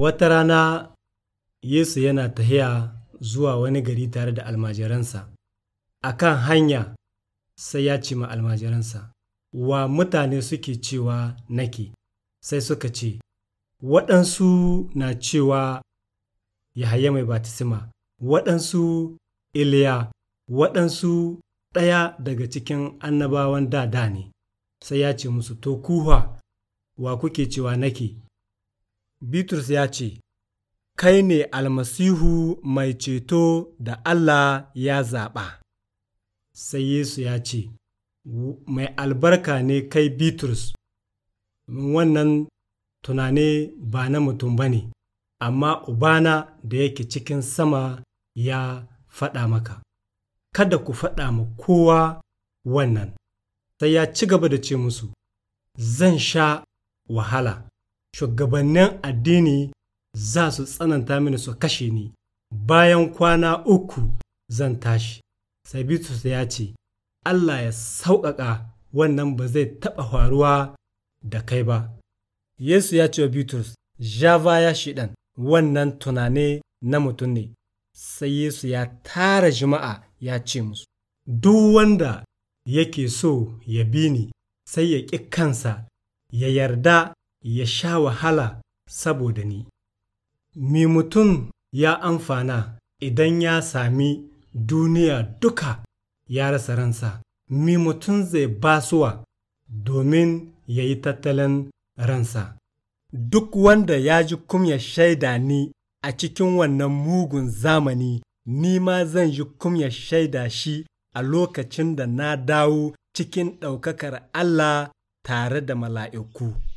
Wata rana Yesu yana tahiya zuwa wani gari tare da almajiransa, a kan hanya sai ya ce ma almajiransa, Wa mutane suke cewa nake, sai suka ce, Waɗansu na cewa Yahaya mai batisima, waɗansu Iliya, waɗansu ɗaya daga cikin annabawan da da ne, sai ya ce musu, To kuwa, wa kuke cewa nake?’ Bitrus ya ce, Kai ne almasihu mai ceto da Allah ya zaɓa. Sai Yesu ya ce, Mai albarka ne kai Bitrus, wannan tunane ba na mutum ba ne, amma Ubana da yake cikin sama ya faɗa maka. Kada ku faɗa ma kowa wannan, sai ya ci gaba da ce musu, Zan sha wahala. shugabannin addini za su tsananta mini su kashe ni bayan kwana uku zan tashi sabitus ya ce allah ya sauƙaƙa wannan ba zai taɓa faruwa da kai ba yesu ya ce wa bitrus ya shi shiɗan wannan tunane na mutum ne sai yesu ya tara jima'a ya ce musu duk wanda yake so ya bi ni sai ya ƙi kansa ya yarda ya sha wahala saboda ni. Mi mutum ya amfana idan ya sami duniya duka ya rasa ransa, mi mutum zai basuwa domin ya yi tattalin ransa. Duk wanda ya ji kumya shaida ni a cikin wannan mugun zamani, ni ma zan ji kumya shaida shi a lokacin da na dawo cikin ɗaukakar Allah tare da mala'iku.